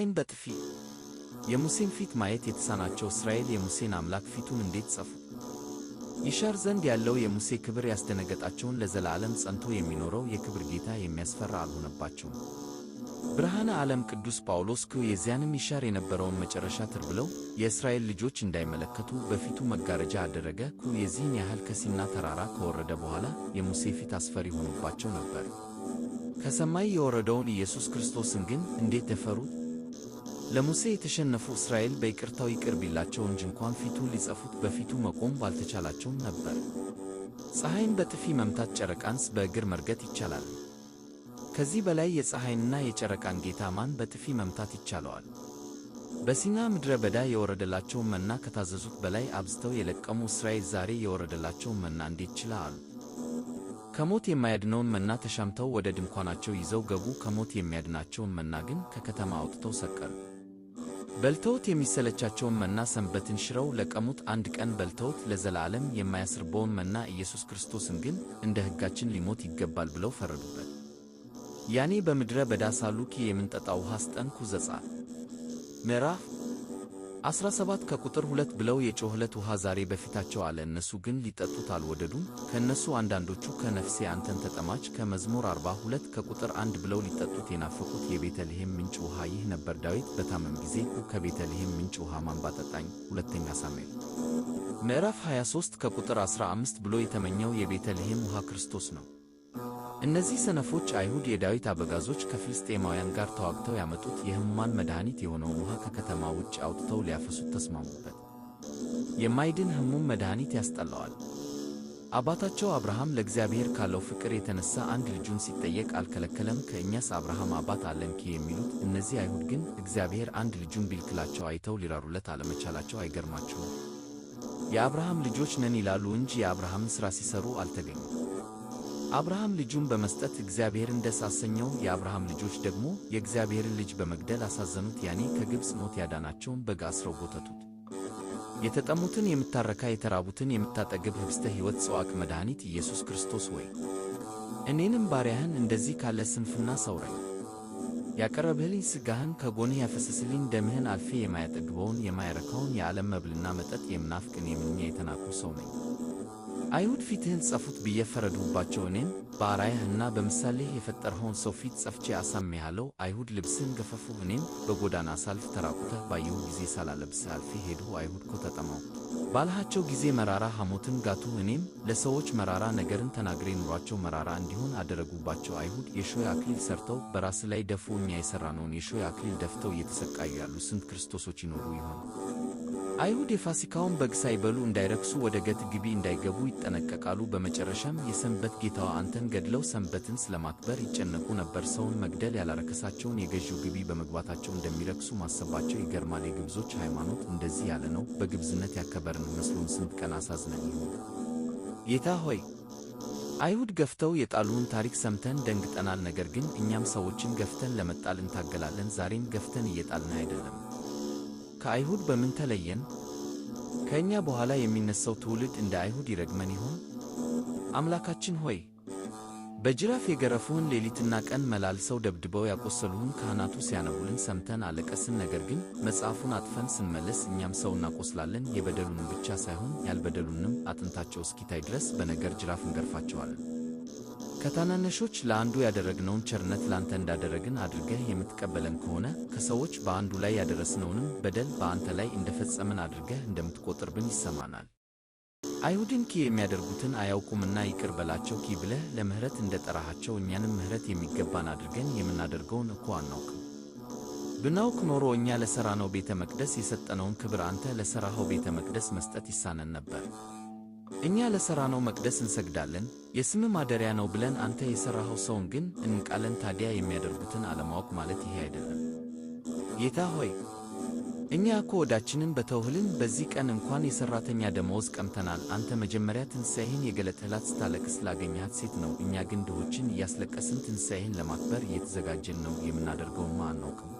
ሙሴን በጥፊ የሙሴን ፊት ማየት የተሳናቸው እስራኤል የሙሴን አምላክ ፊቱን እንዴት ጸፉ? ይሻር ዘንድ ያለው የሙሴ ክብር ያስደነገጣቸውን ለዘላለም ጸንቶ የሚኖረው የክብር ጌታ የሚያስፈራ አልሆነባቸውም። ብርሃነ ዓለም ቅዱስ ጳውሎስ ኩ የዚያንም ይሻር የነበረውን መጨረሻ ትር ብለው የእስራኤል ልጆች እንዳይመለከቱ በፊቱ መጋረጃ አደረገ። ኩ የዚህን ያህል ከሲና ተራራ ከወረደ በኋላ የሙሴ ፊት አስፈሪ ሆኖባቸው ነበር። ከሰማይ የወረደውን ኢየሱስ ክርስቶስን ግን እንዴት ደፈሩት? ለሙሴ የተሸነፉ እስራኤል በይቅርታው ይቅር ቢላቸው እንጂ እንኳን ፊቱን ሊጸፉት በፊቱ መቆም ባልተቻላቸውም ነበር። ፀሐይን በጥፊ መምታት፣ ጨረቃንስ በእግር መርገጥ ይቻላል። ከዚህ በላይ የፀሐይንና የጨረቃን ጌታ ማን በጥፊ መምታት ይቻለዋል? በሲና ምድረ በዳ የወረደላቸውን መና ከታዘዙት በላይ አብዝተው የለቀሙ እስራኤል ዛሬ የወረደላቸውን መና እንዴት ችላ አሉ? ከሞት የማያድነውን መና ተሻምተው ወደ ድንኳናቸው ይዘው ገቡ። ከሞት የሚያድናቸውን መና ግን ከከተማ አውጥተው ሰቀሉ። በልተውት የሚሰለቻቸውን መና ሰንበትን ሽረው ለቀሙት አንድ ቀን በልተውት ለዘላለም የማያስርበውን መና ኢየሱስ ክርስቶስን ግን እንደ ሕጋችን ሊሞት ይገባል ብለው ፈረዱበት። ያኔ በምድረ በዳ ሳሉ ኪ የምንጠጣ ውሃ ስጠንኩ ዘጸአት ምዕራፍ አስራ ሰባት ከቁጥር ሁለት ብለው የጮኸለት ውሃ ዛሬ በፊታቸው አለ፣ እነሱ ግን ሊጠጡት አልወደዱም። ከእነሱ አንዳንዶቹ ከነፍሴ አንተን ተጠማች ከመዝሙር አርባ ሁለት ከቁጥር አንድ ብለው ሊጠጡት የናፈቁት የቤተልሔም ምንጭ ውሃ ይህ ነበር። ዳዊት በታመም ጊዜ ከቤተልሔም ምንጭ ውሃ ማንባ ባጠጣኝ? ሁለተኛ ሳሙኤል ምዕራፍ 23 ከቁጥር 15 ብሎ የተመኘው የቤተልሔም ውሃ ክርስቶስ ነው። እነዚህ ሰነፎች አይሁድ የዳዊት አበጋዞች ከፊልስጤማውያን ጋር ተዋግተው ያመጡት የሕሙማን መድኃኒት የሆነውን ውሃ ከከተማ ውጭ አውጥተው ሊያፈሱት ተስማሙበት። የማይድን ሕሙም መድኃኒት ያስጠላዋል። አባታቸው አብርሃም ለእግዚአብሔር ካለው ፍቅር የተነሳ አንድ ልጁን ሲጠየቅ አልከለከለም። ከእኛስ አብርሃም አባት አለንኪ የሚሉት እነዚህ አይሁድ ግን እግዚአብሔር አንድ ልጁን ቢልክላቸው አይተው ሊራሩለት አለመቻላቸው አይገርማችሁም? የአብርሃም ልጆች ነን ይላሉ እንጂ የአብርሃምን ሥራ ሲሠሩ አልተገኙም። አብርሃም ልጁን በመስጠት እግዚአብሔርን ደስ አሰኘው። የአብርሃም ልጆች ደግሞ የእግዚአብሔርን ልጅ በመግደል አሳዘኑት። ያኔ ከግብፅ ሞት ያዳናቸውን በግ አስረው ጎተቱት። የተጠሙትን የምታረካ የተራቡትን የምታጠግብ ህብስተ ሕይወት ጽዋዕቅ መድኃኒት ኢየሱስ ክርስቶስ ወይ እኔንም ባሪያህን እንደዚህ ካለ ስንፍና ሰውረኝ። ያቀረብህልኝ ሥጋህን ከጎንህ ያፈሰስልኝ ደምህን አልፌ የማያጠግበውን የማይረካውን የዓለም መብልና መጠጥ የምናፍቅን የምንኛ የተናኩ ሰው ነኝ። አይሁድ ፊትህን ጸፉት ብዬ ፈረዱባቸው እኔም በአርአያህና በምሳሌህ የፈጠርኸውን ሰው ፊት ጸፍቼ አሳሜሃለሁ። አይሁድ ልብስህን ገፈፉ። እኔም በጎዳና ሳልፍ ተራቁተህ ባየሁ ጊዜ ሳላለብስህ አልፌ ሄድሁ። አይሁድ ኮ ተጠማው ባልሃቸው ጊዜ መራራ ሐሞትን ጋቱ። እኔም ለሰዎች መራራ ነገርን ተናግሬ ኑሯቸው መራራ እንዲሆን አደረጉባቸው። አይሁድ የሾህ አክሊል ሰርተው በራስ ላይ ደፉ። እኛ የሠራነውን የሾህ አክሊል ደፍተው እየተሰቃዩ ያሉ ስንት ክርስቶሶች ይኖሩ ይሆን? አይሁድ የፋሲካውን በግ ሳይበሉ እንዳይረክሱ ወደ ገት ግቢ እንዳይገቡ ይጠነቀቃሉ። በመጨረሻም የሰንበት ጌታዋ አንተን ገድለው ሰንበትን ስለማክበር ይጨነቁ ነበር። ሰውን መግደል ያላረከሳቸውን የገዢው ግቢ በመግባታቸው እንደሚረክሱ ማሰባቸው ይገርማል። የግብዞች ሃይማኖት እንደዚህ ያለ ነው። በግብዝነት ያከበርን መስሎን ስንት ቀን አሳዝነን ይሆን ጌታ ሆይ አይሁድ ገፍተው የጣሉን ታሪክ ሰምተን ደንግጠናል። ነገር ግን እኛም ሰዎችን ገፍተን ለመጣል እንታገላለን። ዛሬም ገፍተን እየጣልን አይደለም። ከአይሁድ በምን ተለየን? ከእኛ በኋላ የሚነሳው ትውልድ እንደ አይሁድ ይረግመን ይሆን? አምላካችን ሆይ በጅራፍ የገረፉህን ሌሊትና ቀን መላልሰው ደብድበው ያቆሰሉህን ካህናቱ ሲያነቡልን ሰምተን አለቀስን። ነገር ግን መጽሐፉን አጥፈን ስንመለስ እኛም ሰው እናቆስላለን፣ የበደሉንም ብቻ ሳይሆን ያልበደሉንም አጥንታቸው እስኪታይ ድረስ በነገር ጅራፍ እንገርፋቸዋለን። ከታናናሾች ለአንዱ ያደረግነውን ቸርነት ላንተ እንዳደረግን አድርገህ የምትቀበለን ከሆነ ከሰዎች በአንዱ ላይ ያደረስነውንም በደል በአንተ ላይ እንደፈጸምን አድርገህ እንደምትቆጥርብን ይሰማናል። አይሁድን ኪ የሚያደርጉትን አያውቁምና ይቅር በላቸው ኪ ብለህ ለምሕረት እንደ ጠራሃቸው እኛንም ምሕረት የሚገባን አድርገን የምናደርገውን እኮ አናውቅም። ብናውቅ ኖሮ እኛ ለሠራነው ቤተ መቅደስ የሰጠነውን ክብር አንተ ለሠራኸው ቤተ መቅደስ መስጠት ይሳነን ነበር። እኛ ለሠራነው መቅደስ እንሰግዳለን፣ የስም ማደሪያ ነው ብለን አንተ የሠራኸው ሰውን ግን እንቃለን ታዲያ የሚያደርጉትን አለማወቅ ማለት ይሄ አይደለም? ጌታ ሆይ እኛ እኮ ወዳችንን በተውህልን በዚህ ቀን እንኳን የሠራተኛ ደመወዝ ቀምተናል። አንተ መጀመሪያ ትንሣኤህን የገለጥህላት ስታለቅስ ላገኘሃት ሴት ነው። እኛ ግን ድሆችን እያስለቀስን ትንሣኤህን ለማክበር እየተዘጋጀን ነው። የምናደርገውማ አናውቅም።